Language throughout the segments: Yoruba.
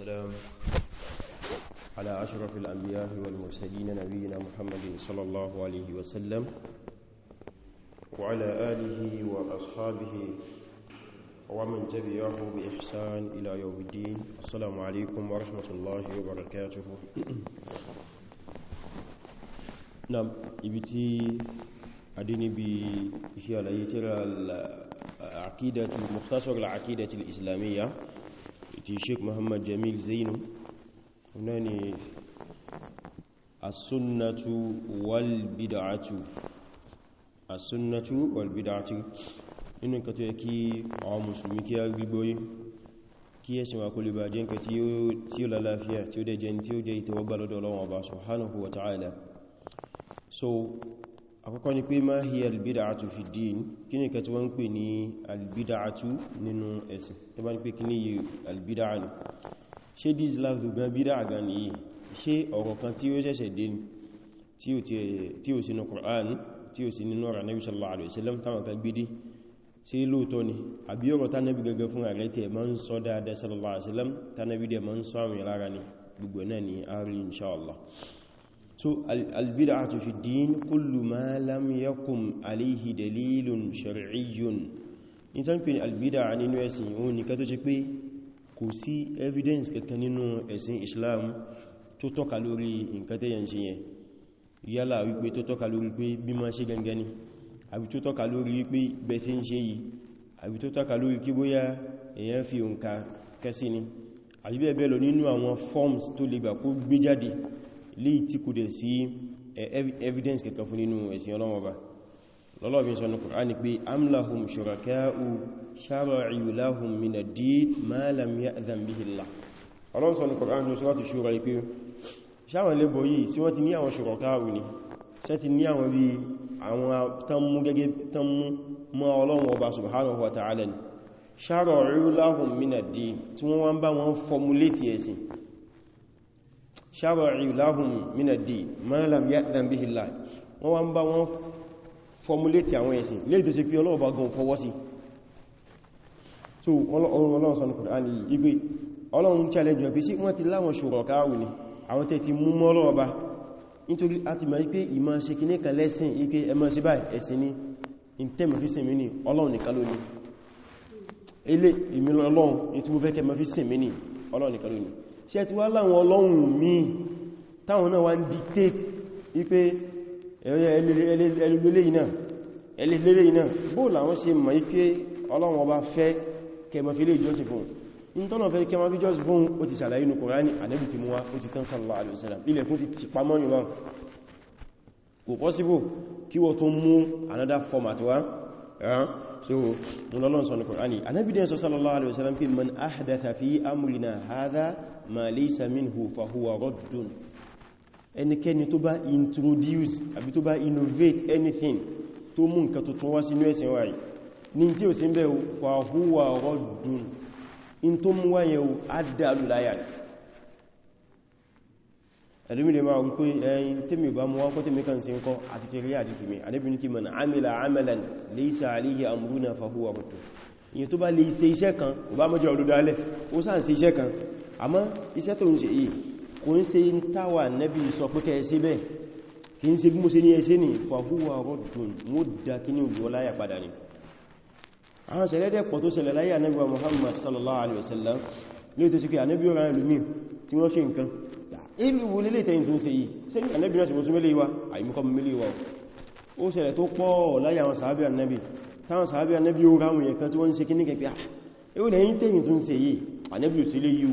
والسلام على أشرف الأنبياء والمرسلين نبينا محمد صلى الله عليه وسلم وعلى آله وأصحابه ومن تبعه بإحسان إلى يوم الدين السلام عليكم ورحمة الله وبركاته نعم إبتي أديني بإشياء لأيتر العقيدة المختصر العقيدة الإسلامية ti sheik muhammad jamil zainu náà ni as-sunnatu wal bid'atu as-sunnatu wal bid'atu nínú nǹkan tó yẹ kí àwọn musulmi kí a gbígbóyí kí ẹ̀sìn wa kó lè bá jẹ́ nǹkan tí ó lálàáfíà tí ó dẹ̀ jẹ́ tí ó jẹ́ ìtẹ́wọ́gbà lọ́dọ̀ Ọlọ́run Ọba subhanahu so àkọ́kọ́ ni pé ma hiya albid'atu fi din kí ni kẹta wọ́n ń pè ní albid'atu nínú ẹ̀sìn tó bá ní pé kí ni yí albid'a ni ṣe dízláàdù gan bid'a gan ni yìí ṣe ọ̀rọ̀ kan tí ó ṣẹ̀ṣẹ̀ dé ni tí ó sínú Qur'an tí ó sí nínú ọ̀rọ̀ Nabi sallallahu alaihi wasallam ni àbí ọ̀rọ̀ tánàbí gẹ́gẹ́ fún ààrẹ tí ẹ sallallahu alaihi wasallam tánàbí dẹ̀ ma ń sọ àwọn ìlara ni gbogbo náà ni so albid'atu fi din kullu ma lam yakum alayhi dalilun shar'iyyun in tan pè ní albid'a nínú ẹ̀sìn ohun ni ká tó ṣe pé kò sí evidence kankan nínú ẹ̀sìn Islam tó tọ́ka lórí nǹkan te yan ṣe yẹn yálà wí pé tó tọ́ka lórí pé bí ma ṣe gangan ni àbí tó tọ́ka lórí pé be ṣe ń ṣe yìí àbí tó tọ́ka lórí kí bóyá èyàn fi òǹkà kasi ni àbí bẹ́ẹ̀ bẹ́ẹ̀ lọ nínú àwọn forms tó lè gbà kó gbé jáde lè tí kò dẹ̀ sí eh, evidence kẹta fún nínú ẹ̀sìn Ọlọ́run Ọba lọ́lọ́bìn sọ ní Kùránì pé amlahum shuraka'u shara'u lahum min ad-din ma lam ya'dhan bihi Allah Ọlọ́run sọ ní Kùránì ní Suratu Shura pé sáwọn lẹ́bọ̀ yìí sí wọ́n ti ní àwọn shuraka'u ni sẹ́ ti ní àwọn bí àwọn tánmú gẹ́gẹ́ tánmú tí wọ́n wá ń bá wọn formulate ẹ̀sìn shar'u lahum min ad-din ma lam ya'dhan bihi Allah wọ́n wá ń bá wọn formulate àwọn ẹ̀sìn lè tó ṣe pé ọlọ́ọ̀bá gan fọwọ́ sí so ọlọ́run sọ ní Qur'an yìí igbe ọlọ́run challenge wọn pé sí wọ́n ti láwọn shuraka wù ní àwọn tẹ́ ti mú mọ́lọ́ọ̀bá nítorí a ti máa pé ìmọ̀ ṣe kí ní kan lẹ́sìn ipé ẹmọ́ sí báyìí ṣe ti wá láwọn ọlọ́run míì táwọn náà wá ń dictate wípé ẹlẹ́lẹ́lẹ́ iná ẹlẹ́lẹ́lẹ́ iná bó làwọn ṣe mọ̀ wípé ọlọ́run ọba fẹ́ kẹmọ̀fílẹ̀ ìjọsìn fún un tọ́nà fẹ́ kẹmọ̀fí jọsìn fún ó ti sàlàyé inú Kùránì ànábì ti mú wá ó ti tán so mú lọ́lọ́sọ̀ ní Kùránì ànábì dẹ́ sọ sallallahu alaihi wasallam pé fi amrina hadha ma laysa minhu fa huwa raddun ẹnikẹ́ni tó bá introduce àbí tó bá innovate anything tó mú nǹkan tuntun wá sínú ẹ̀sìn wáyìí ní tí ò sí ń bẹ̀ fa huwa in tó mú wáyẹ̀ o ádàlù láyà ẹ̀lúmìlẹ̀ máa wípé ẹyin tí mi bá mú wá kọ́ tí mi kàn sí ń kọ́ àti ti rí àti fìmí àdébìnrin kí man amila amalan laysa alayhi amruna tó bá lè ṣe iṣẹ́ kan ò bá mọ́jọ́ ọdúdálẹ̀ ó sáà ṣe iṣẹ́ kan àmọ́ iṣẹ́ tó ń ṣe yìí kò ń ṣe ń táwà nẹ́bí sọ pé kẹ́ ṣe bẹ́ẹ̀ kì ń ṣe bí mo ṣe ní ẹṣẹ́ ní fàhúwà rọ́dùn mú dá kí ní òjò láyà padà ní àwọn ṣẹlẹ́dẹ̀ pọ̀ tó ṣẹlẹ̀ láyà nẹ́bí wa Muhammad sallallahu alaihi wasallam lè tó sì pé ànẹ́bí ọ̀rọ̀ ẹlùmí tí wọ́n ṣe nǹkan ìlú wo lélẹ̀ tẹ́yìn tó ń ṣe yìí ṣe ní wa àìmúkọ́ mẹ́lẹ̀ wa ó ṣẹlẹ̀ tó pọ̀ láyà àwọn sàábẹ̀ ànẹ́bí táwọn sàábẹ̀ ànẹ́bí ó ráwọn yẹ̀kan tí wọ́n ń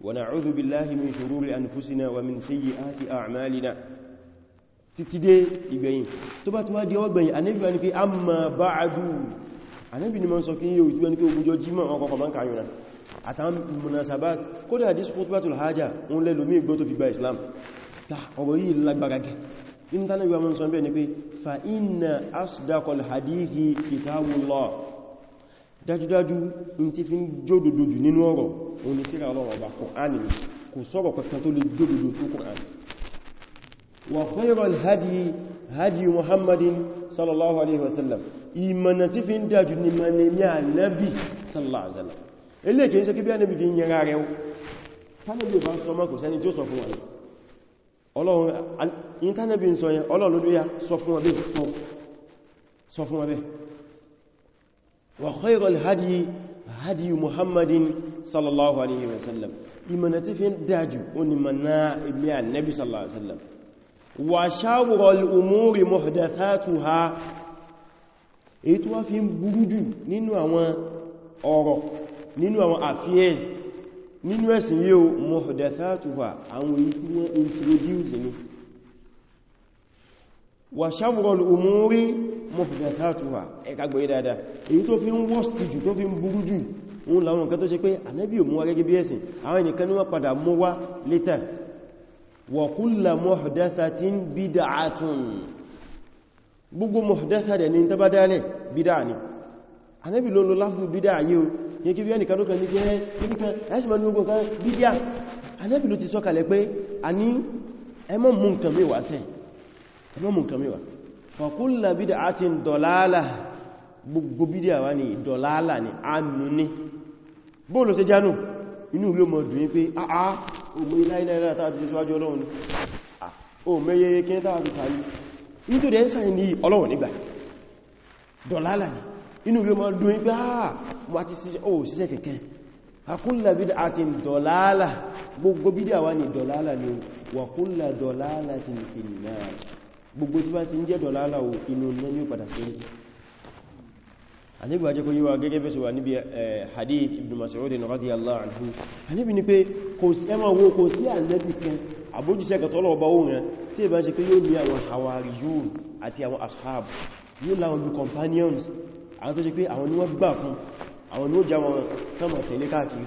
ونعوذ بالله من شرور أنفسنا ومن سيئات أعمالنا تتدي إبعين تبا توا دي وقبعين أنبي أنك أما بعد أنبي نمان سوكين يو يتبع أنك وجو جيما وقوق من كعيونا أتام مناسبات كل هذه خطبة الحاجة أن للمي يقبطوا في با إسلام لا أبوي لك إن تنبي أمان سوكين يو فإن أصدق الحديث كتاب الله dájúdájú in ti fi ń jódòdòjù nínú ọ̀rọ̀ oní tíra ọlọ́rọ̀ ọba Kùránì kò sọ́rọ̀ kankan tó lè jódòdò tó Kùránì wa khayrul hadi hadi muhammadin sallallahu alaihi wasallam ìmọ̀nà tí fi ń dájú ní mọ̀nàmí ànábì sallallahu alaihi wasallam ilé kìí ṣe kí bí ànábì fi ń yẹra rẹ̀ tánàbì bá sọ mọ́ kò sẹ́ni tí ó sọ fún wọn ọlọ́run tánàbì ń sọ yẹn ọlọ́run ló yá sọ وخير الهدي هدي محمد صلى الله عليه وسلم إمنا تفين داجو ونمنا إبلاء النبي صلى الله عليه وسلم وشاور الأمور محدثاتها ètò fi ń burú jù nínú àwọn ọ̀rọ̀ nínú àwọn affairs nínú ẹ̀sìn yíò muhdathatuha wà ṣàbùrọ̀lù umúrí mọ̀fìdàtàtùwà ẹka gbé dáadáa èyí tó fi ń wọ́stì jù tó fi ń burú jù oun láwọn nǹkan tó ṣe pé ànábì ò mú wá gẹ́gẹ́ bí ẹ̀sìn àwọn ènìyàn ní wọ́n padà mú wá létà wa kullu muhdathatin bid'atun bídà ni ànábì ló lọ láfú bídà yé o yẹ kí bí ẹnìkan tó kàn ní jẹ́ ẹnìkan ẹ̀ṣìmọ̀ ní ogun kan bídà ànábì ló ti sọ́kalẹ̀ mọ́mù nǹkan mẹ́wàá fàkúlà bídà àti dọ̀láàlà gbogbo bídà wá ní dọ̀láàlà ní ànú ní bóòlù sí jánù inú ilé mọ̀ dùn pé àá òmò iláìláìlá tàbí sí síwájú ọlọ́run ó mẹ́yẹ akúlà bídà àti dọ̀láàlà gbogbo bídà wá ní dọ̀láàlà ní wàkúlà dọ̀láàlà ti nìfèlì náà gbogbo tí bá ti ń jẹ́dọ̀ láláwò inú náà ní padà sí ẹ̀rù ànígbàjẹ́ kó yíwa gẹ́gẹ́ bẹ́sù wà níbi hadith ibn Mas'ud radiyallahu anhu àníbi ni pé kò sí ẹmà owó kò sí ànẹ́bì kan àbójíṣẹ́ kàtọ́lọ̀ ọba ohun rẹ̀ tí ìbá ṣe pé yóò ní àwọn hawariyun àti àwọn ashab yóò láwọn bí companions àwọn tó ṣe pé àwọn ni wọ́n gbà fún àwọn ni ó já wọn tọ́mọ̀ tẹ̀lé káàkiri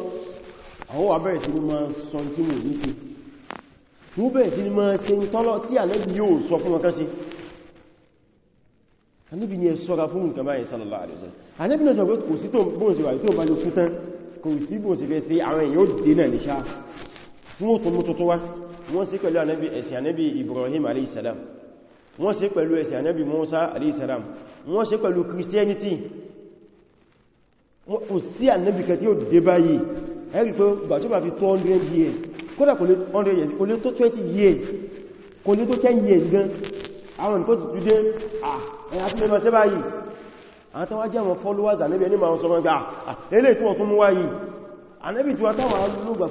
àwọn wà bẹ̀rẹ̀ sí ní máa sọ tí wọ́n ní sí wọ́n bẹ̀rẹ̀ sí ní máa ṣe ń tọ́lọ tí ànábì yóò sọ fún wọn kan sí ànábì ni ẹ sọ́ra fún nǹkan báyìí sallallahu alaihi wasallam ànábì náà sọ pé kò sí tó bóun ṣe wà tó bá ló fún tán kò sí bóun ṣe fẹ́ sí àwọn èèyàn ó dé náà níṣà tí wọ́n tó mú tuntun wá wọ́n sí pẹ̀lú ànábì ẹ̀sìn ànábì Ibrahim alayhi salam wọ́n sí pẹ̀lú ẹ̀sìn ànábì Musa alayhi salam wọ́n sí pẹ̀lú Christianity kò sí ànábì kan tí ó dé báyìí ẹ̀rí pé gbà tó bá fi 200 years kódà kò lé 100 years kò lé tó 20 years kò lé tó 10 years gan àwọn nǹkan tó dé ẹ̀yà tí lẹ́mọ̀ sẹ́bà yìí àwọn tó wá jẹ́ àwọn followers ànẹ́bì ẹni máa sọ mọ́ gbà eléyìí tí wọ́n tún mú wá yìí ànẹ́bì tí wọ́n táwọn alúgbà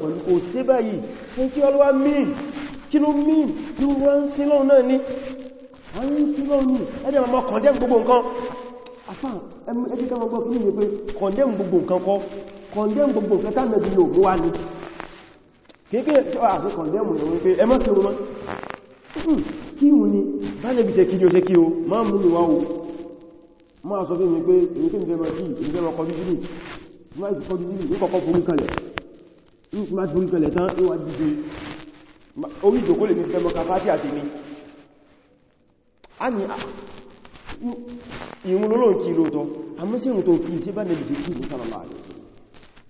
condemn gbogbo nǹkan tá mẹ́bí ló mú wá ní kéèkéè tí ó àti condemn rẹ̀ wípé ẹmọ́ kí o mọ́ kí o ní bá lẹ́bí ṣe kí o ṣe kí o má mú mi wá o má sọ fún mi pé èyí tí ìfẹ́ mọ́ kí ìfẹ́ mọ́ kọjú sílì má ti kọjú sílì ní kọ̀kọ́ forí kalẹ̀ ní ti má ti forí kalẹ̀ tán ó wá dìde orí ìdòkó lè ní fẹ́ mọ́ kafá tí àti mi a ní ìrún ah, lọ́lọ́ kí lóòtọ́ àmọ́ sí ìrún tó kí sí bá lẹ́bí ṣe kí ìfẹ́ mọ́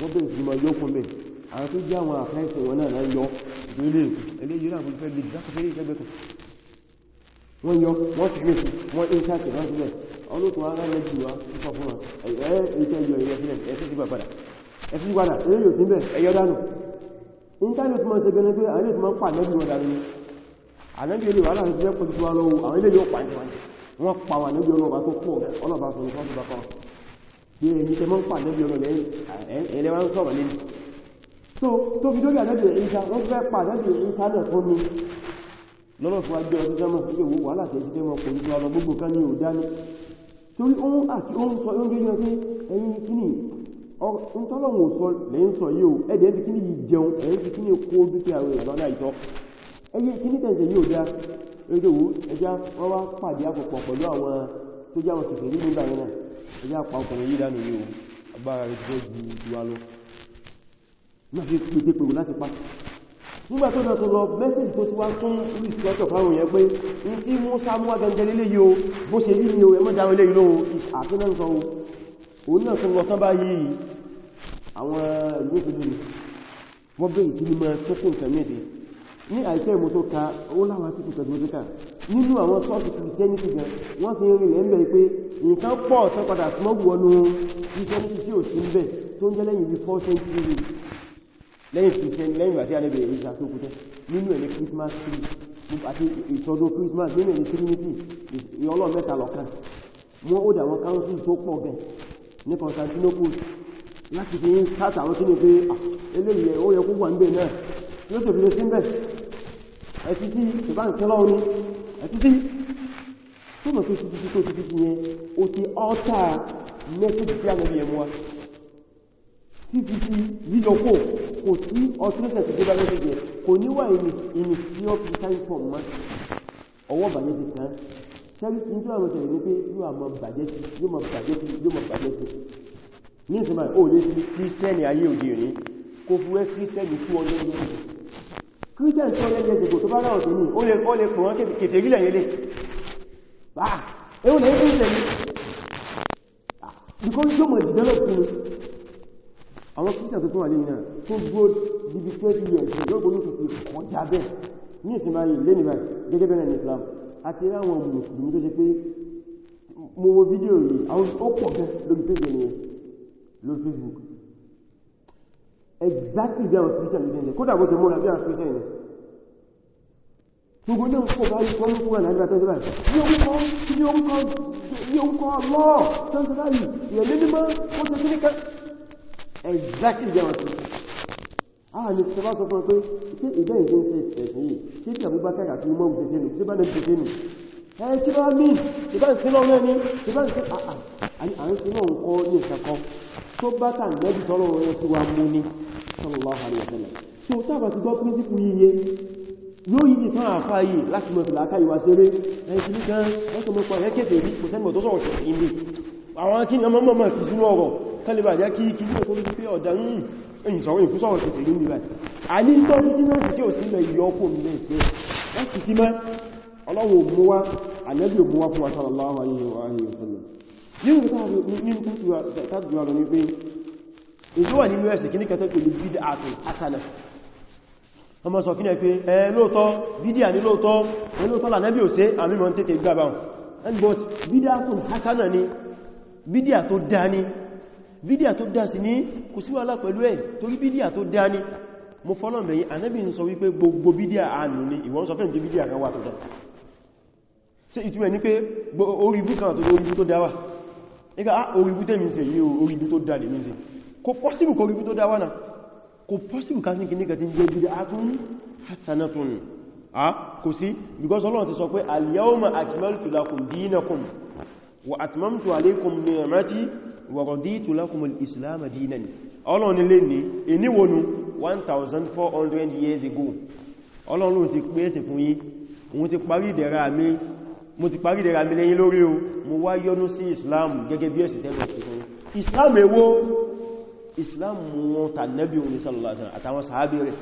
wọ́n bẹ̀rẹ̀ sí ma yọ́ fún mẹ́ àwọn tó jẹ́ àwọn àfẹ́ẹ̀sẹ̀ wọn náà yọ ilé eléyìí náà fún fẹ́ lè dákùnfẹ́lẹ́ ìfẹ́gbẹ̀kùn wọ́n yọ wọ́n fi mẹ́sì wọ́n ń sáàkì láti rẹ̀ ọlọ́tọ̀ ara lẹ́jù wa púpọ̀ fún wọn ẹ̀yẹ́ ìtẹ́ yọ ìrẹ́fílẹ̀ ẹ̀fẹ́ sí padà ẹ̀fẹ́ sí padà eré yóò síbẹ̀ ẹ̀yọ́ dánù internet ma ṣe gẹ́nẹ́ pé àwọn ètò ma ń pà lẹ́bí wọn dánù ni àlẹ́bí ilé wàhálà ti jẹ́ pẹ̀lú wa lọ́wọ́ àwọn ilé yóò pàdé wọn pa wà níbi ọlọ́ba tó bí ẹni tẹ mọ́ ń pàdé bí ọ̀rọ̀ ẹlẹ́wà ń sọ̀rọ̀ lẹ́nu tó fi dórí àdájọ́ ìta wọ́n fẹ́ pàdájọ́ ìta lẹ̀ fún mi lọ́nà fún ajọ́ ọdún sẹ́mọ̀ sí ní tẹ̀sẹ̀ yìí dá ẹjọ́ wò ẹjá wọ́n wá pàdé àpòpọ̀ pẹ̀lú àwọn tó jáwọn kìfẹ̀ rí nígbà yẹn náà ẹjá pa ọkùnrin yìí dánú yíò agbára rẹ̀ jẹ́ ju ìwà lọ náà fi pèpè pèrò láti pa nígbà tó náà tó lọ mẹ́sìn tó ti wá tún rí ìsìlọ́tọ̀ fáwọn èèyàn pé ní tí Mùsá mú agẹnjẹ o bó ṣe rí ni o ẹmọ́ dáwọn ilé o òun náà tó lọ tán bá yìí àwọn ìlú tó lórí wọ́n bẹ̀rẹ̀ sí ní mọ́ tó kún kàmí sí ní àìsẹ́ ìmú nínú àwọn sọ́ọ̀tù kìrìsìtẹ́nìtì gan wọ́n fi rí rẹ̀ ń bẹ̀rẹ̀ pé nǹkan pọ̀ tán padà smọ́gbù wọnú kìrìsìtẹ́nìtì tí ò sí ń bẹ̀ tó ń jẹ́ lẹ́yìn bí 4th century lẹ́yìn kìrìsìtẹ́nì lẹ́yìn àti alẹ́bẹ̀ ìrìnsà tó kútẹ́ nínú ẹ̀lẹ́ Christmas tree àti ìṣọdún Christmas nínú ẹ̀lẹ́ Trinity ìyọlọ́ mẹ́ta lọ́kan wọ́n ó dà wọn council tó pọ̀ gan ní Constantinople láti fi ń sáàtà àwọn kíni pé ah, eléyìí ó yẹ kó wà ń bẹ̀ náà yóò sì fi lè sí ń bẹ̀ ẹ̀sí sí ìbá ń tẹ́lọ́run àtúndé tó mọ̀ tó ti fi tó ti fi fi yẹn ó ti ọ́tà mẹ́sẹ̀jì tí a lọ yẹ mọ́ tí fi fi yíyọ kó kò tí ọtúnṣẹ̀ ti débá mẹ́sẹ̀jì kò níwà ìní ìní tí ó fi sáyé pọ̀ mọ́ ọwọ́ bàyẹ́ ti tán sẹ́rí ní tí àwọn ọ̀sẹ̀ ní pé yóò mọ̀ bàjẹ́ sí yóò mọ̀ bàjẹ́ sí yóò mọ̀ bàjẹ́ sí ní ìsinmi ò lè fi kírísítẹ́nì ayé christian tó lẹ́yẹ jẹ́gbò tó bá láwọ̀ tó ní ó lè pọ̀ wọ́n kèfè rí lẹ́yẹ lè bá ẹ̀hùn lè rí lẹ́yẹ because yóò mọ̀ develop fún àwọn christian tó tún wà lẹ́yìn náà tó gbó bíbi 20 years lọ́gbọ̀n ló fi kọjá bẹ́ẹ̀ ní ìsìn báyìí lẹ́nì báyìí gẹ́gẹ́ bẹ́ẹ̀ ní Islam àti ráwọn mùsùlùmí tó ṣe pé mo wo fídíò yìí ó pọ̀ gan lórí page ẹni lórí Facebook exactly bí àwọn christian ní ṣe kódà bó ṣe múra bí àwọn christian ní gbogbo náà kò bá yíkọ́ ní kúrò nàíjíríà tó sọ́rọ̀ ní orúkọ ní orúkọ ní orúkọ lọ́ tó sọ́rọ̀ yìí ìyẹ̀lẹ́ mímọ́ ó ṣe sí níkan exactly bí àwọn christian àwọn ni sọba sọ fún ọ pé tí ìgbẹ́ ìgbẹ́ ìṣẹ́ ìṣẹ̀ṣẹ̀ yìí tí ìtì àbúgbà kẹ́kà tí mọ́ òṣèṣẹ́ nù tí bá ní òṣèṣẹ́ nù ẹ̀ kí bá mí ìbá ń sí lọ́wọ́ ẹni ìbá ń sí àà à ń sin náà ń kọ́ ní ìṣẹ́kọ́ tó bá tà nẹ́bì tọ́lọ̀ rẹ̀ tí wà mú ní sallallahu alaihi wasallam tí ó sábà ti gbọ́ píríncípù yíye yóò yìí tán àfá yìí láti mọ̀ sọ̀rọ̀ ṣe ti sínú ní ọkùnrin hmm, àní tó sínú àti tí ó sí ilẹ̀ ìyọkù nílẹ̀ ìpé láti sí mẹ́ ọlọ́run òmúwa ànẹ́bí fún wa sallallahu alaihi ọmọ sọ kíni pé ẹ lóòtọ́ bídíà ni lóòtọ́ olóòtọ́ là nẹ́bí ò sí àmì mọ̀ tètè gbà báhùn and but bídíà tó hasana ni bídíà tó dá ní bídíà tó dá sí ní kò sí wàhálà pẹ̀lú ẹ̀ torí bídíà tó dá ní mo fọ́lọ̀ mẹ́yìn ànẹ́bí ń sọ wípé ni ìwọ́n sọ fẹ́ bídíà kan wà tó dá sí ìtumẹ̀ ní pé orí ibú kan àtòrí ibú tó nígbà ah, orígbú tẹ́mi ṣe yí orígbú tó dáa lè ní ṣe kò pọ́síbù kò orígbú tó dáa wánà kò pọ́síbù ká ní kí nígbà tí ń jẹ́ bídá átún hasanatun a kò sí because ọlọ́run ti sọ pé al-yawma akmaltu lakum dinakum wa atmamtu alaykum ni'mati wa raditu lakum al-islam years ago ọlọ́run ti pèsè fún yín òun ti parí ìdẹ̀ra mo ti parí ìdẹ̀ra mílẹ̀yìn lórí o mo wá yọ́nú sí islam gẹ́gẹ́ bí ẹ̀sì tẹ́lẹ̀ ìfún islam èwo islam wọn tànẹ́bí òní sallọ́sàn àtàwọn sàábí rẹ̀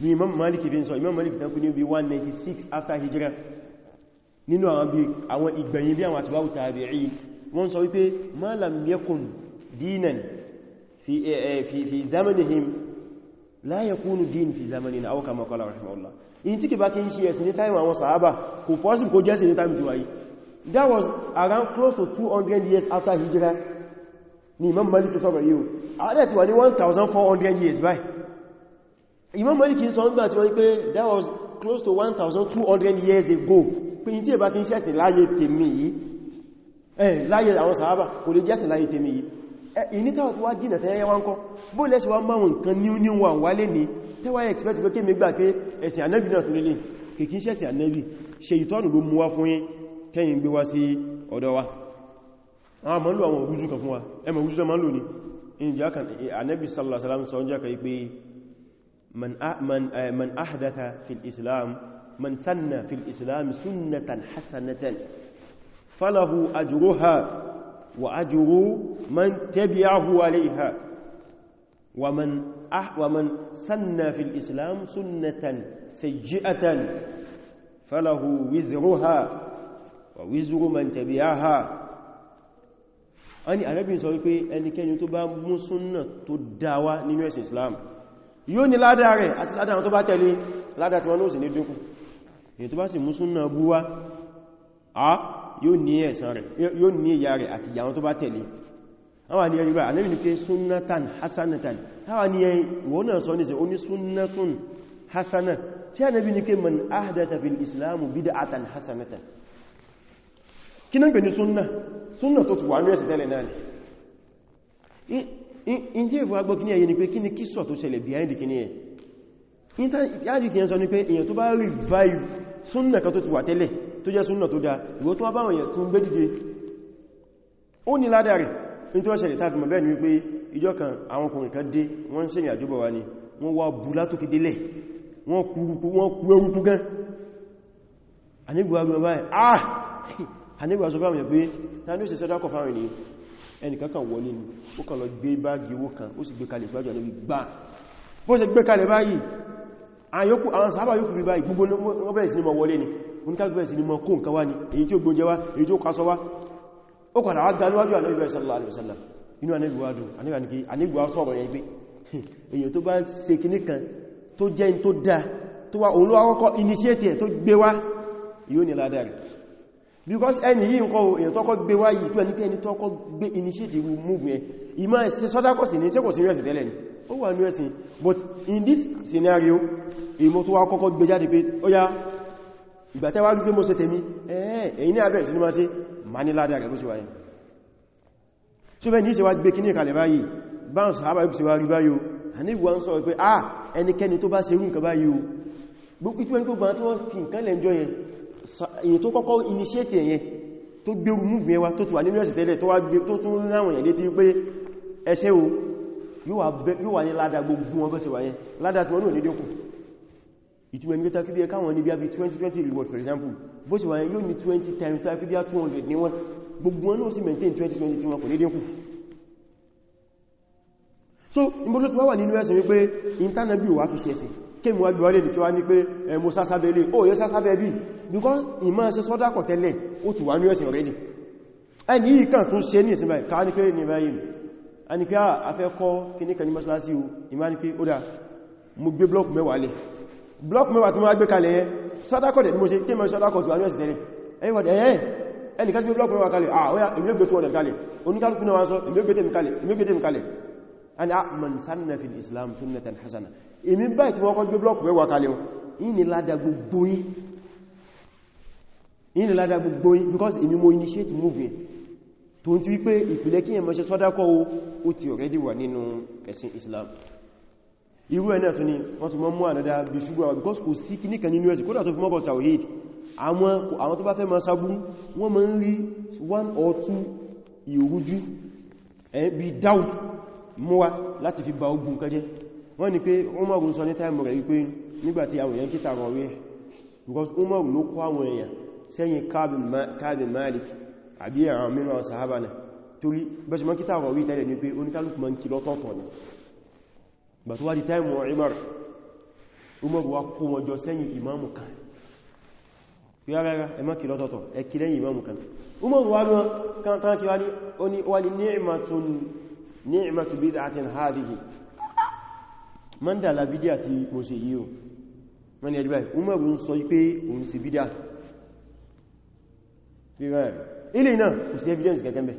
ní imam malik fi ń sọ imam malik tẹ́kù ní bí 196 after hijra nínú àwọn ìgbẹ̀yìn bí àwọn àtibáwù tàbí'í wọ́n sọ wípé ma lam yakun dinan eh, eh, fi zamanihim la yakunu din fi zamanina aw kama qala in tí kì bá kí ń ṣe ẹ̀sìn ní táìmù àwọn sàhábà kò fọ́sùn kó jẹ́sìn ní táìmù tiwa yìí that was around close to 200 years after hijra ni imam malik sọ́rọ̀ yìí àádẹ́ ti wà ní 1400 years báyìí imam malik sọ ń gbà tí wọ́n pé that was close to 1200 years ago pé in tí bá kí ń ṣẹ̀sìn láyé tèmi yìí láyé àwọn sàhábà kò lè jẹ́sìn láyé tèmi yìí Eh, ìnítàwà tí wá jìnà tẹ́yẹ wá ń kọ́ bó lẹ́ṣẹ́ wá máa nǹkan ní ní wà wà lè ní tẹ́wàá expect pé kémi gbà pé ẹ̀sìn ànábì náà tún lélẹ̀ kìkí ṣẹ̀sìn ànábì ṣe ìtọ́nù ló mú wá fún yín kẹ́yìn gbé wá sí ọ̀dọ̀ wa àwọn mọ́ lò àwọn òrújú kan fún wa ẹmọ òrújú tó mọ́ lò وأجر من تبعه عليها ومن أح ومن سن في الإسلام سنة سيئة فله وزرها ووزر من تبعها ani Ànábì sọ wípé ẹnikẹ́ni tó bá mú súnnà tó dáwà nínú ẹ̀sìn Islam yóò ní ládá rẹ̀ àti ládá wọn tó bá tẹ̀lé ládá tí wọn ló sì ní dínkù èyí tó bá sì mú súnnà búwá a yóò ní ẹ̀san rẹ̀ yóò ní ìyà rẹ̀ àti ìyà wọn tó bá tẹ̀lé àwọn ni ẹ̀yìn bá alẹ́bì ní pé sunnatan hasanatan àwọn ni wọ́n náà sọ ní sẹ oní sunnatun hasanat tí a nẹ́bì ní pé man ahdata fil islamu bid'atan hasanatan kí náà gbẹ̀ni sunna sunna tó ti wà ní ẹ̀sẹ̀ tẹ́lẹ̀ náà in tí èfò agbọ́ kíní tó jẹ́ súnà tó dáa ìwọ tún wá báwọn èèyàn tún gbé dìde ó ní ládà rẹ̀ ní tí wọ́n ṣẹlẹ̀ tàbí mọ̀ bẹ́ẹ̀ ni wípé ìjọ kan àwọn ọkùnrin kan dé wọ́n ń ṣe ìrìn wa ni wọ́n wá bú látòkè ah anígbà sọ fáwọn pé ta ní ó sì sọ́dá kọ fáwọn ènìyàn ẹnìkan kan wọlé ni ó kàn lọ gbé báàgì owó kan ó sì gbé kalẹ̀ síwájú bó ṣe gbé kalẹ̀ báyìí àwọn sábà yóò fi báyìí gbogbo wọ́n bẹ̀rẹ̀ sí ni ni oníkàgbẹ̀ tó bá ṣe tó dá tó wá òun ló akọ́kọ́ initiate ẹ̀ tó gbé wá yóò ní ládàrí because ẹni yìí nǹkan èyàn tọ́kọ́ gbé wá yìí tó ẹni pé ẹni tọ́kọ́ gbé initiative move yẹn ìmá ẹ̀sẹ̀ sọ́dákọ̀ sí ní ṣe sí rẹ̀ but in this scenario èyí mo tó wá kọ́kọ́ ìgbàtẹ́ wá rí pé mo ṣe tèmi ẹ̀yìn ní abẹ́ ìsinmi ṣe ma ní ládá rẹ̀ bó ṣe wáyé tí ó bẹ́ ní ṣe wá gbé kí ní ìkàlẹ̀ báyìí báwọn sàábà ibi ṣe wá rí báyìí Ànábì wá ń sọ pé à ah, ẹnikẹ́ni tó bá ṣe rú nǹkan báyìí gbogbo ìtúwẹ́ni tó gbọ́n tí wọ́n fi nǹkan lẹ́njọ yẹn èyí tó kọ́kọ́ initiate yẹn tó gbérù múùfù o gbogbo wọn ìtumẹ̀ ní pẹ́ta kí bí ẹ káwọn ní bí i 20-20 reward for example bó sì wáyé yóò ní 20 times tó bí i 200 ní wọ́n gbogbo wọn náà sì maintain 20-20 tí wọ́n kò ní dínkù so ìbọ̀lọ́ to wọ́n wà nínú ẹ̀sìn wípé intanẹ́bì wà fi ṣẹ̀sìn kéèmù wá gbọ́lẹ̀ kí wá ní pé mo sásábẹ̀ lè ó yẹ sásábẹ̀ bí because ìmọ̀ ẹsẹ sọ́dá kọ̀ tẹ́lẹ̀ ó ti wà ní ẹ̀sìn already And yìí kan tún ṣe ní ìsìn báyìí káà ní pé ní báyìí a ní pé ah, a fẹ́ kọ́ kíníkan ní mọ́ṣáláṣí o ìmá ní pé ó dà mo gbé blọ́ọ̀kù mẹ́wàá lẹ̀ block mẹ́wàá tí wọ́n gbé kalẹ̀ yẹn sọ́dákọ̀ dẹ̀ mo ṣe kí mẹ́ sọ́dákọ̀ tí wọ́n yọ́ sí tẹ́lẹ̀ ẹ̀yìnwọ̀n ẹ̀yẹ́ ẹni kásí block mẹ́wàá kalẹ̀ ah oya ìlú gbé 200 kalẹ̀ oníkálùkù náà sọ ìlú gbé tẹ́mi kalẹ̀ ìlú gbé tẹ́mi kalẹ̀ ani ah, man sanna fil islam sunnatan hasana èmi báyìí tí wọ́n kọ́ gbé block mẹ́wàá kalẹ̀ yìí ni ládá gbogbo yìí yìí ni ládá gbogbo yìí because èmi mo initiate move tó ń ti wípé ìpìlẹ̀ kí ẹ̀mọ́ ṣe sọ́dákọ̀ ó ti already wà nínú ẹ̀sìn islam irú ẹ̀ náà tún ní wọ́n tún mọ́ mú àdádá bí ṣúgbọ́ àwọn because kò sí kíníkà nínú ẹ̀sì kódà tó fi mọ́kọ̀ tawhid àwọn tó bá fẹ́ ma sábúrú wọ́n ma ń rí one or two ìrújú bí doubt mọ́wá láti fi ba ogun kẹjẹ́ wọ́n ní pé Umar sọ ní táìmù rẹ̀ wípé nígbàtí àwọn èèyàn kíta rọ̀ rí ẹ̀ because Umar ló kọ́ àwọn èèyàn sẹ́yìn káàbì Malik àbí àwọn mìíràn sahaba náà torí bẹ́ṣe mọ́ kíta rọ̀ rí tẹ́lẹ̀ ní pé oníkálùkù mọ́ ń kí lọ́tọ̀ọ̀tọ̀ ni but what di time wọn Umar Umar wá kó wọn jọ sẹ́yìn imamu kan yá rárá ẹmọ́ kí lọ́tọ̀tọ̀ ẹkì lẹ́yìn Imam kan Umar wá rán kankan kí wá ní ni'matu bid'atin hadhihi man da la bidia ti mo se yi o man ya dubai Umar ń sọ pé òun sì bidia ilé náà kò sí evidence kankan bẹ́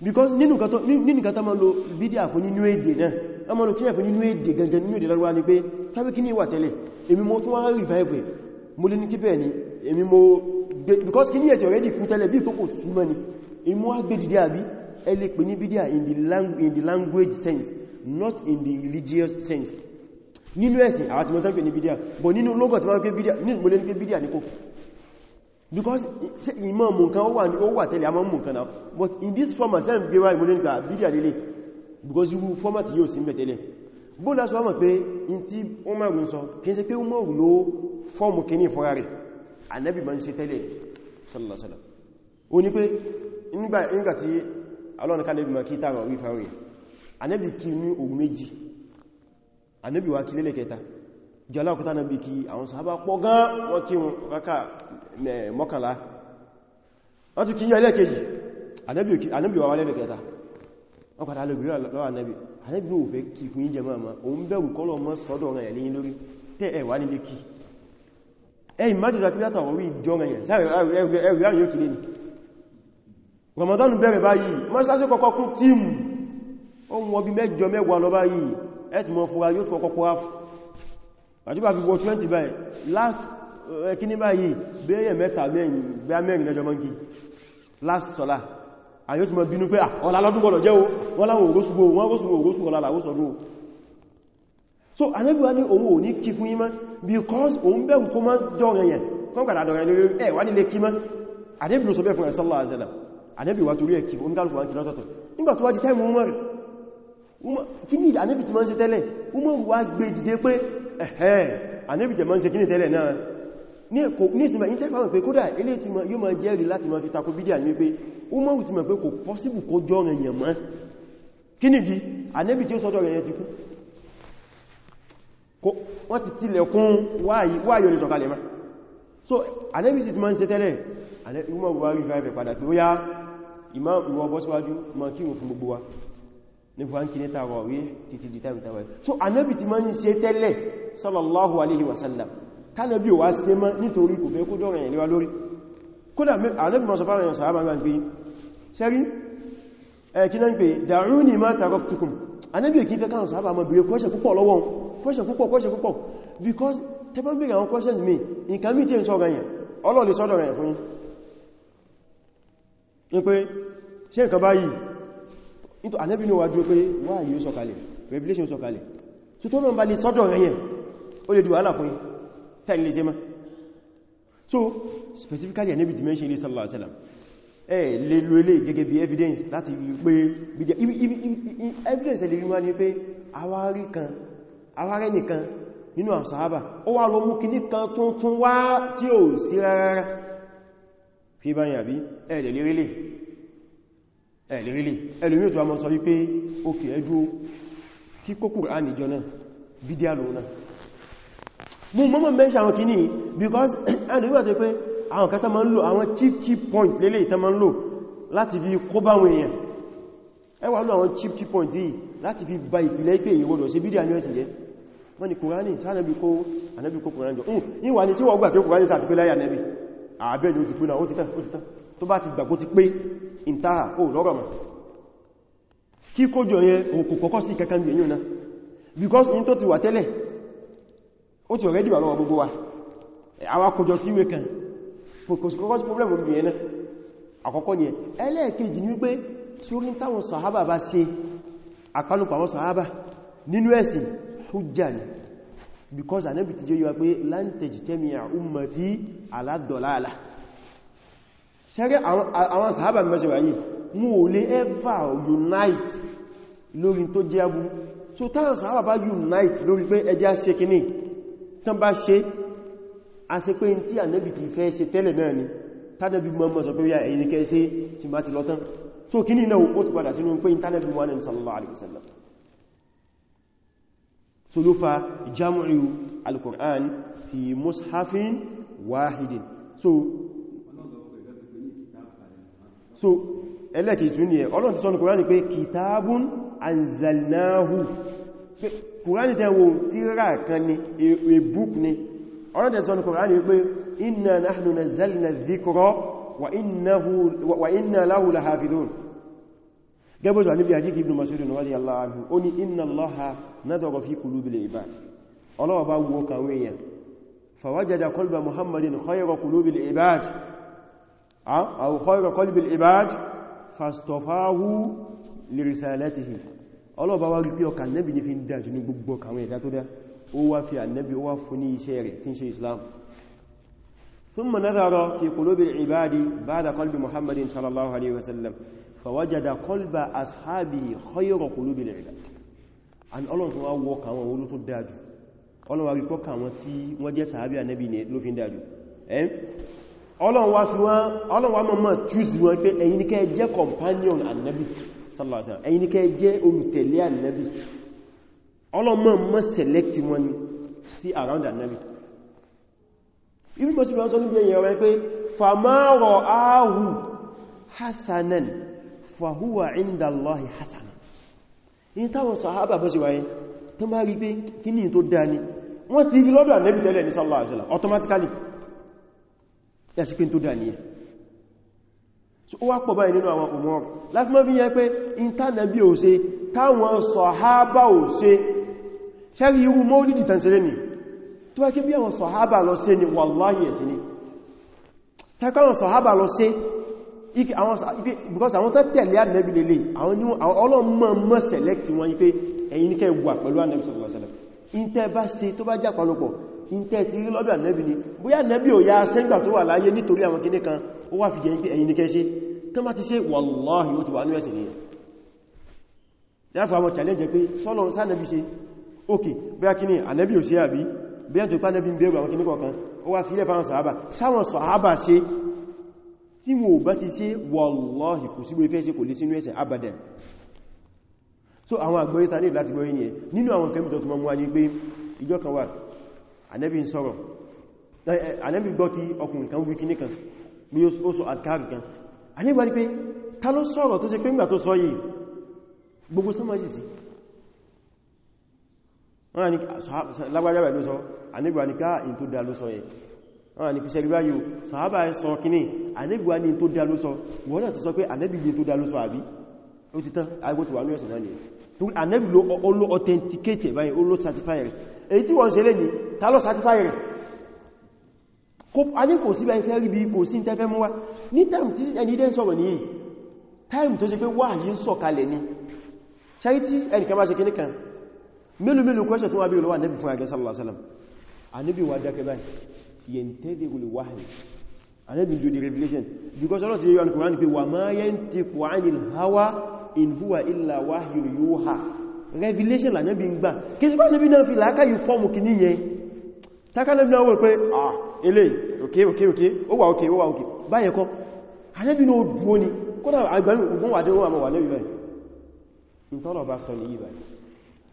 because nínú kata ma lo bidia fún nínú èdè náà ọmọ lò kíyàfẹ́ nínú èdè gangan nínú èdè lárúwá ni pé tàbí kí ní ìwà tẹ́lẹ̀ èmi mo tún wá revive ẹ̀ mo lè ní kí bẹ́ẹ̀ ni èmi mo because kí ní ẹ̀tẹ̀ already kú tẹ́lẹ̀ bí ìkókò sí mọ́ ni èmi mo wá gbé dìde àbí ẹ lè pè ní bídíà in the language sense not in the religious sense nínú ẹ̀sìn àwọn tí mo tán pè ní bídíà but nínú lọ́gọ̀ tí wọ́n pè bídíà ní mo lè ní pé bídíà ní kò because ìmọ̀ mùnkan ó wà tẹ́lẹ̀ àmọ́ mùnkan náà but in this form as i am gbé wá ìmọ̀lẹ́nìkà bídíà ah, lélẹ̀ because you format yóò sí mẹ́tẹ̀lẹ̀ bó lásọ wọ́n mọ̀ pé in tí wọ́n máa gùn sọ kìí ṣe pé wọ́n mọ̀rún ló fọ́ọ̀mù kìíní fọ́ra rẹ̀ Ànábì ma ń ṣe tẹ́lẹ̀ sallallahu alaihi wasallam ó ní pé nígbà tí alọ́nà kálẹ̀bì ma kí tààrà orí fàárí Ànábì kí ní òru méjì Ànábì wá kí lẹ́lẹ̀ kẹta jọlá ọkọta Ànábì kí àwọn sàhábà pọ̀ gan wọ́n kí wọn rákà wọ́n padà lọ gbìyànjú lọ́wọ́ anẹ́bì anẹ́bì ní òfẹ́ kí fún ìjẹ máa máa òun bẹ̀rù kọ́lọ̀ mọ́ sọ́dọ̀ ọ̀rẹ̀ ẹ̀lẹ́yìn lórí tẹ́ ẹ̀ wà nílé kí ẹ ìmájúta kí látà orí ìjọ rẹ̀ sáré ẹ̀rù yóò kìlé ni Ramadan bẹ̀rẹ̀ báyìí mọ́sálásí kọ́kọ́ kún tíìmù ó ń wọbi mẹ́jọ mẹ́wàá lọ báyìí ẹ ti mọ́ fura yóò last kíní àyó ti mọ̀ bínú pé ah, ọ̀lá lọ́dún jẹ́ o wọ́n láwọn ògóṣùgbò wọ́n góṣùgbò ògóṣùgbò ọ̀lá so anẹ́gbẹ̀wà ní òun ò ní kí fún yímá because òun bẹ̀rù kó má dọ̀rẹ̀ yẹn kọ́ kàdà dọ̀rẹ̀ lórí ẹ̀ wà nílé kí má àdébì ló sọ bẹ́ẹ̀ fún ẹ̀sọ́lá àzẹ́là àdébì wà torí ẹ̀kí omi kálùkù wá kí lọ́tọ̀tọ̀ nígbà tó wá di tẹ́mù umar kí ní ìsinmi ìtẹ́fà wọn pé kódà ilé tí yóò máa jẹ́rìí láti máa fi takò bídíà ní pé ó mọ́ òtí mọ̀ pé kò pọ́síbù kó jọ rẹ̀ yẹ̀ mọ́ kí ni di anẹ́bì tí ó sọ́dọ̀ rẹ̀ yẹn ti kú wọ́n ti tilẹ̀kùn wáyọ̀ lè sọ̀kalẹ̀ mọ́ so anẹ́bì sì ti máa ń ṣe tẹ́lẹ̀ sallallahu alaihi wasallam tánàbí ò wá ṣe mọ́ nítorí kò fẹ́ kó jọ́rọ̀ ẹ̀lẹ́wà lórí kódà ànábì mọ́ sọ fáwọn ẹ̀yàn sàhábà gbá ń gbé sẹ́rí ẹ̀kí náà ń pè da'uni ma taraktukum anábí èkí fẹ́ káàkiri sábà mọ̀ bèèrè kọ́ṣẹ̀ púpọ̀ lọ́wọ́ kọ́ṣẹ̀ púpọ̀ kọ́ṣẹ̀ púpọ̀ because tẹ́bọ́n bèèrè àwọn questions mi nǹkan mí tí ń sọ́rọ̀ yẹn ọlọ́lẹ̀ sọ́dọ̀ rẹ̀ fún yín pé ṣe nǹkan báyìí nítò anábí ní wájú pé wà yìí sọ̀kalẹ̀ revelation sọ̀kalẹ̀ so tó mọ̀ bá lè sọ́dọ̀ rẹ̀ yẹn ó lè dù wàhálà fún yín tẹ́lẹ̀ ṣe so specifically anábí dimension ilé sallallahu alaihi wasallam ẹ lè lo ilé gẹ́gẹ́ bí evidence láti pé evidence ẹ̀lẹ̀ wíwá ní pé àwárí kan àwárí nìkan nínú àwọn sàhábà ó wá lọ mú kìní kan tuntun wá tí ó sí rárá fi báyìí àbí ẹ̀lẹ̀ lérílẹ̀ ẹlòmí òtù àmọ́ sọ wípé òkè ẹjú kí kó Kùránì jọ náà bídíà lòun náà mú mọ́mọ̀ mẹ́ṣà àwọn kìíní because ẹlòmí àti pé àwọn kan tán ma ń lò àwọn cheap cheap point lélẹ̀ tán ma ń lò láti fi kó bá wọn èèyàn ẹwà lọ àwọn cheap cheap point yìí láti fi ba ìpìlẹ̀ ìpè èyí gbọdọ̀ sí bídí àní ẹ̀sìn jẹ́ wọ́n ni kòránì sánàbí ni sí wọ́n gbà pé kòránì sáà ti pé láyà nẹ́bì àbẹ́ ah, ni ó ti pé náà ó ti tán ó ti tán tó bá ti gbà because in tó ti wà tẹ́lẹ̀ ó ti already wà lọ́wọ́ àwọn akójọ sí ìwé kan kòsìkòkò tí problem orí ẹ̀nà àkọ́kọ́ ni ẹ̀ ẹlẹ́ẹ̀kejì ní wípé sórí táwọn sàhábà bá ṣe àpálùpọ̀ àwọn sàhábà nínú ẹ̀sìn hujja ni because Ànábì ti jẹ́ yíwa pé lan tajtami'a ummati ala dalala ṣẹ́rẹ́ àwọn sàhábà mẹ́ṣẹ́ wáyé mú ò lè ever unite lórí tó jẹ́ abú so táwọn sàhábà bá unite lórí pé ẹjá ṣe kìíní a ṣe pé tí ànábì ti fẹ́ ṣe tẹ́lẹ̀ náà ni tánàbí mọ́mọ́ sọ pé ya èyí kẹ́ ṣe ti má ti lọ́tán so kí ní náà ó ti padà sínú pé tánàbí wà ní sallallahu alaihi wasallam so ló fa jam'u al-Qur'an fi mushafin wahidin ọ̀rọ̀dẹ̀ tó ní kòránì wípé inna nahnu nazzalna dhikra wa inna lahu lahafidhun gẹ́gbẹ́ zuwa níbi hadith ibn masudin radiyallahu anhu ó ní inna allaha nadhara fi qulubil ibad ọlọ́wọ́ bá wo kàwé yẹn fawajada qalba muhammadin khayra ó wá fi annabi ó wá fún ní iṣẹ́ rẹ̀ tí ń ṣe islam thumma nadhara fi qulubi al-ibadi ba'da qalbi muhammadin sallallahu alaihi wasallam fawajada qalba ashabihi khayra qulubi al-ibadi an ọlọ́n tó wá wọ́ kàwọn olú tó dájú ọlọ́n wá rí kọ́ kàwọn tí wọ́n jẹ́ sàábí annabi ne ló fi ń dájú ọlọ́n wá mọ́ choose wọn pé ẹ̀yin ni kẹ́ jẹ́ companion annabi sallallahu alaihi wasallam ẹ̀yin ni kẹ́ jẹ́ olùtẹ̀lé annabi ọlọ́mọ mọ́ select wọn ni sí around annabi ibi bọ́ sí wọ́n sọ ní ẹ̀yẹ̀ rẹ̀ pé famaro ahu hasanan fahuwa inda allahi hasanan in táwọn sahaba bọ́ sí wáyé tó máa rí pé kí ní tó dá ní wọ́n ti rí lọ́dọ̀ annabi tẹ́lẹ̀ ní sallallahu alaihi wasallam automatically yà sí pé tó dá ní ẹ̀ so ó wá pọ̀ báyìí nínú àwọn òmùrùn sọ̀hábà ò ṣe ṣẹ́rí irú mọ́lìdì tẹ́sẹ̀rẹ́ ni tó wá kí bí àwọn sọ̀hábà lọ sí ni wàláyé ẹ̀sìn ni tẹ́kọ́ àwọn sọ̀hábà lọ sí because àwọn tẹ́tẹ̀lé ànẹ́bì lè lè àwọn ọlọ́mọ select wọn yí pé ẹ̀yin ní kẹ́ wà pẹ̀lú ànẹ́bì sallallahu alaihi wasallam ìntẹ́ bá ṣe tó bá jàpálopọ̀ ìntẹ́ ti rí lọ́dọ̀ ànẹ́bì ni bóyá ànẹ́bì ò ya sẹ́gbà tó wà láyé nítorí àwọn kinní kan ó wà fìjẹ́ pé ẹ̀yin ní kẹ́ ṣe tó má ti ṣe wàláhì ó ti wà ní ẹ̀sìn ni ok bóyá kí ni ànẹ́bí ò sí àbí bóyá tó pánẹ́bí ń bẹ̀rù àwọn kìíní kọ̀ọ̀kan ó wá sílẹ̀ fáwọn sàábà sáwọn sàábà ṣe tí wọ́n bá ti ṣe wallahi kò sí gbé ṣe kò lè sínú ẹ̀ṣẹ̀ abadan so àwọn àgbọ́yé ta ní láti gbọ́yé ni ẹ̀ nínú àwọn kẹ́mìtọ̀ tó mọ́ ní pé ìjọ kan wà ànẹ́bí ń sọ̀rọ̀ ànẹ́bí gbọ́ kí ọkùnrin kan wí kíní kan bí ó sọ àdkárì kan ànẹ́bí wá ní pé ta ló sọ̀rọ̀ tó ṣe gbogbo sánmà sí wọ́n ni lágbàjáwà ló sọ anigba ní ká in tó dá ló sọ yẹ wọ́n ni pìṣẹ́ ríwá yóò sàábà sọ kíní anigba ní tó dá ló sọ wọ́n náà ti sọ pé anẹ́bì ní tó dá ló sọ àbí ó ti tán agbó ti wà ní ẹ̀sìn náà nìyẹn tó anẹ́bì ló authenticate báyìí ó ló certify rẹ̀ èyí tí wọ́n ṣe lé ní ta ló certify rẹ̀ a ní kò sí báyìí fẹ́ rí bí kò ní time tí ẹni dẹ́ sọ̀rọ̀ ní yìí time tó ṣe pé wà yìí sọ̀kalẹ̀ ni ṣáyí tí mélòó mélòó kọ́ṣẹ̀ tó wá bí olówà nẹ́bí fún àgẹ́ sallallahu alaihi wasallam anẹ́bí wà dákẹ́ báyìí yẹntẹ́dẹ̀ olùwáhì anẹ́bí jù di revelation because ọlọ́tí yíò alìkùnrin pé wà máa yẹn ti kùránil hawa in huwa illa wahyu yuha revelation lànẹ́bí ń gbà kí sí pàánẹ́bí náà fi láákà yìí fọ́ọ̀mù kì ní yẹn tákánẹ́bí náà wọ́n pé ah ilé òkè òkè òkè ó ni kódà àgbàmí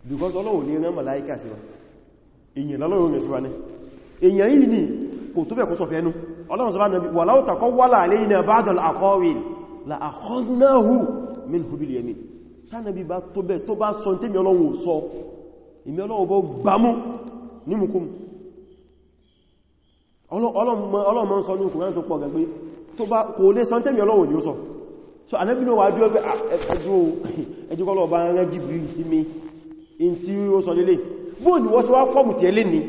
because ọlọ́wọ̀ ní ẹran màláíkà sí wa èyàn lọ́lọ́wọ̀ rẹ̀ sí wa ní èyàn yìí ni kò tó bẹ̀kú sọfẹ́ ẹnu ọlọ́run sọ bá nàbí wà láwọ́ takọ́ wà láàrẹ́ iná ba'da al-aqawil la akhadnahu minhu bil yamin tánàbí bá tó bẹ̀ tó bá sọ tẹ́mi ọlọ́run sọ ìmẹ́ ní mùkún so anábínú wà á dúró pé ah, ẹjú kọlọ̀ bá rán mi in tí ó sọ lélẹ̀ bóò ni wọ́n sí wá fọ́mù tí ẹlé ní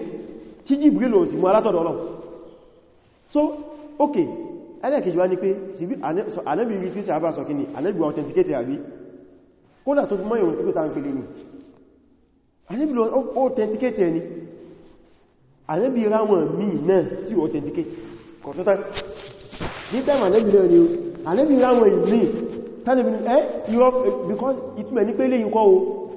tí Jibril ò sì mú alátọ̀dọ̀ Ọlọ́run so ok ẹlẹ́kejì wá ní pé Ànábì rí tí sàábà sọ kíni Ànábì authenticate àbí kódà tó fi mọ́ ìwọ̀n pípẹ́ tàbí pèlè ní Ànábì authenticate ẹni Ànábì ráwọn míì náà tí authenticate kọ̀tọ́tá ní tẹ́mà Ànábì náà ni ó Ànábì ráwọn ìmí tánàbí ní ẹ́ because ìtumẹ̀ ní pé lè yínkọ́ o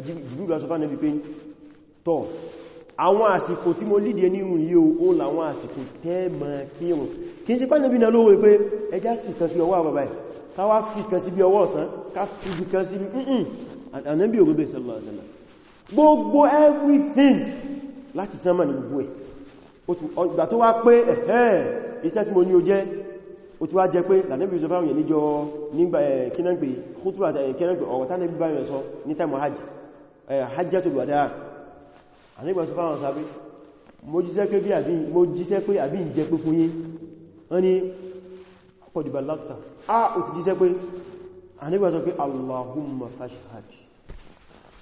jìbìrù wá sọ fún Ànábì pé tọ́ àwọn àsìkò tí mo lídìí ní ìrùn yíò ó làwọn àsìkò tẹ́ẹ̀mà kírùn kí n ṣe pá Ànábì náà lówó pé ẹjá sì kan sí ọwọ́ àbàbà káwá fi kan sí bí ọwọ́ ọ̀sán ká fi jù kan sí everything láti sánmà ní gbogbo ẹ̀ ìgbà tó wá pé ẹ̀hẹ́ iṣẹ́ tí mo ní ó jẹ́ ó ti wá jẹ pé lànẹ́bí ìṣẹ́fà òyìn níjọ nígbà kínágbé ọ̀rọ̀ tánẹ́bí báyìí sọ ní tàìmọ̀ hajj Eh, hajjatul wada anigba sọ fáwọn sábé mo jíṣẹ́ pé bí àbí mo jíṣẹ́ pé àbí ń jẹ pé fún yín wọ́n ni kọjúbà láktà a ò ti jíṣẹ́ pé anigba sọ pé allahumma fashad,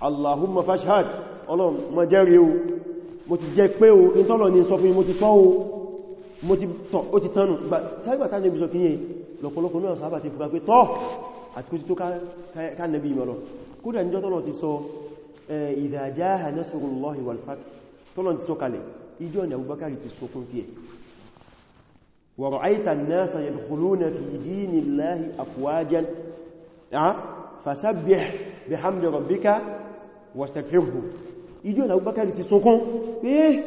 allahumma fashad. ọlọ́run mo jẹ́rìí o mo ti jẹ́ pé o in tọ́lọ ni sọ fún yín mo ti sọ o mo ti tọ̀ o ti tánu sáàgbà tánà ibi sọ kí yẹn lọ́pọ̀lọpọ̀ náà sábà ti fura pé tọ́ àti kó ti tó ká nẹ́bí ìmọ̀lọ kódà idha jaa'a nasrullahi wal fath tọ́lọ̀ ti sọ́kalẹ̀ ìjọ́ ni Abubakar ti sọkún fi ẹ̀ wa ra'ayta an-nasa yadkhuluna fi dinillahi afwajan fasabbih bihamdi rabbika wastaghfirhu ìjọ́ ni Abubakar ti sọkún pé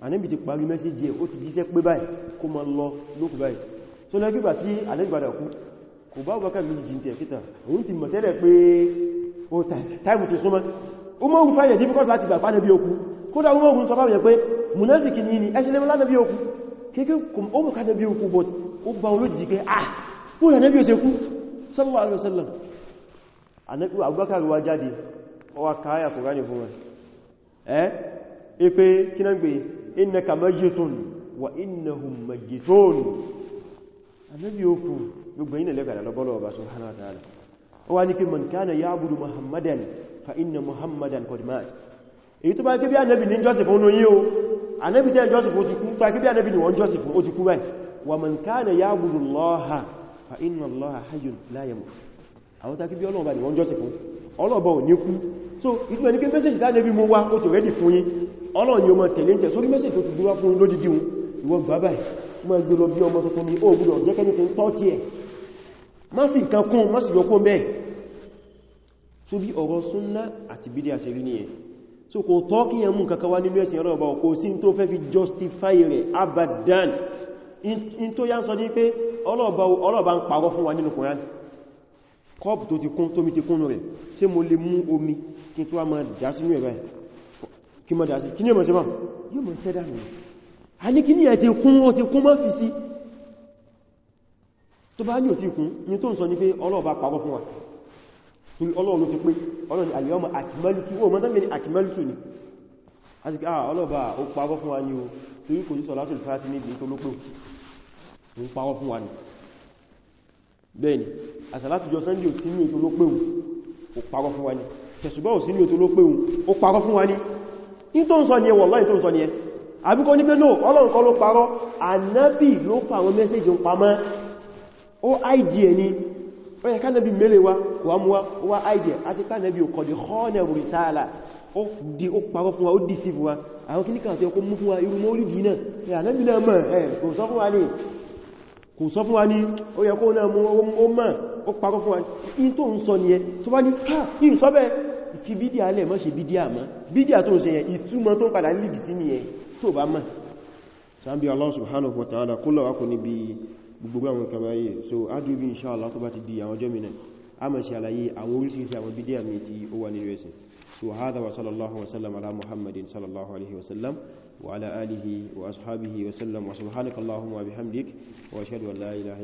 Ànábì ti parí mẹ́sẹ̀jì ẹ̀ ó ti jíṣẹ́ pé báyìí kó ma lọ lókù ti súnmọ́ umaru fàyẹ̀ difficult láti gbà fánàbí okú kódà umaru sọ fàyẹ̀ pé munafiki ní ní ẹṣẹ́lẹ́mọ́ lánàbí okú kéèké ọmọ kánàbí okú but ó bá wọn lójìí pé ah kó lànàbí òsè kú sallallahu alaihi wasallam Abubakar wá jáde ó wá ka àyá Kùránì fún wọn ẹ̀ ẹ pé kí náà gbé innaka mayyitun wa innahum mayyitun ànàbí okú gbogbo yìí nà lẹ́gbàdà lọ́bọ́lọ́wọ́ bá subhanahu wa ta'ala kí man kana ya'budu Muhammadan fa inna muhammadan qad mat èyí tó bá kébí ànábì ní jọ́sìn fún o. yíó ànábì tẹ́ jọ́sìn fún ó ti kú pa kébí ànábì ní wọ́n jọ́sìn fún ó ti fa inna la yamut àwọn tá kébí ọlọ́ọ̀bá ní wọ́n jọ́sìn fún ọlọ ò ní so ìtumẹ̀ ní kí mẹ́sẹ̀jì tá nẹ́bí mú wá ó ti rẹ́dì fún ni mọ̀ ní so bí ọ̀rọ̀ súnnà àti bídí àṣírí ní ẹ̀ so kò tọ́ kí yẹn mú kankan wá nínú ẹ̀sìn ọlọ́ọ̀bá kò sí tó fẹ́ fi justify rẹ̀ abadan in tó yá ń sọ ní pé ọlọ́ọ̀bá ń parọ́ fún wa nínú Kùránì kọ́ọ̀bù tó ti kún tómi ti kún rẹ̀ ṣé mo lè mú omi ọlọ́run ló ti pé ọlọ́run àlèyọ́mọ̀ àkìmẹ́lùtù o mọ́tán mẹ́rin àkìmẹ́lùtù ni a ti káà ah, ọlọ́ba ó pàwọ́ fún wa ní o torí kò sí sọ̀látùl fàtí ní ìgbìyàn tó lópò ń pàwọ́ fún wa ní bẹ́ẹ̀ni àsàlátùjọ sunday ò sí ní ètò lópò ó pàwọ́ fún wa ní tẹ̀sùbọ́ ò sí ní ètò lópò ó pàwọ́ fún wa ní ní tó ń sọ ní ẹwọ̀ lọ́yìn tó ń sọ ní ẹ àbíkọ́ ní no ọlọ́run kọ́ ló parọ́ ànábì ló fà àwọn mẹ́sẹ́jì ń pamọ́ ó áìdí ẹni ó yẹ ká nẹ́bí mẹ́lẹ̀ wa kò wá wá àìdẹ̀ àti ká nẹ́bí òkọ̀dẹ̀ họ́nà rìsáàlá ó di ó parọ́ fún wa ó dìsífù wa àwọn kí ní kàtí ọkọ̀ mú fún wa irú mọ́ olùdí náà ẹ̀ náà kò sọ fún wa ní kò kó náà mú ó mọ̀ ó parọ́ fún wa in tó ń sọ ni ẹ tó bá ní ha in sọ bẹ́ ìfi bídíà alẹ́ mọ́ ṣe bídíà mọ́ bídíà tó ń ṣe yẹn ìtumọ̀ tó ń padà níbi sí ni ẹ tó bá mọ̀ sàbí Allah subhanahu wa ta'ala kó lọ́wọ́ kò níbi gbogbo àwọn kan so ájúbí inṣáàlá tó bá ti di àwọn jọ́mìnà a ma ṣe àlàyé àwọn so hádà wa sallallahu wasallam ala muhammadin sallallahu alaihi wasallam wa ala alihi wa ashabihi wasallam wa subhanaka allahumma wa bihamdik wa ashhadu an la ilaha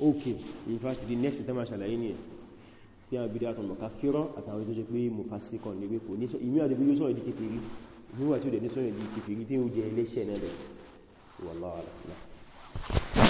okay in fact the next time a ṣàlàyé ni tí a bídá tọmọ̀ ká fíran àtàwọn tó ṣe pé mú fásikọ̀ ní wípò ní ìmú àdébí yóò sọ́rọ̀ ìdíkèfèrí níwà tí ó dẹ̀ ní sọ́rọ̀ ìdíkèfèrí tí ó jẹ iléṣẹ́ náà lọ wọ́lọ́wọ́lọ́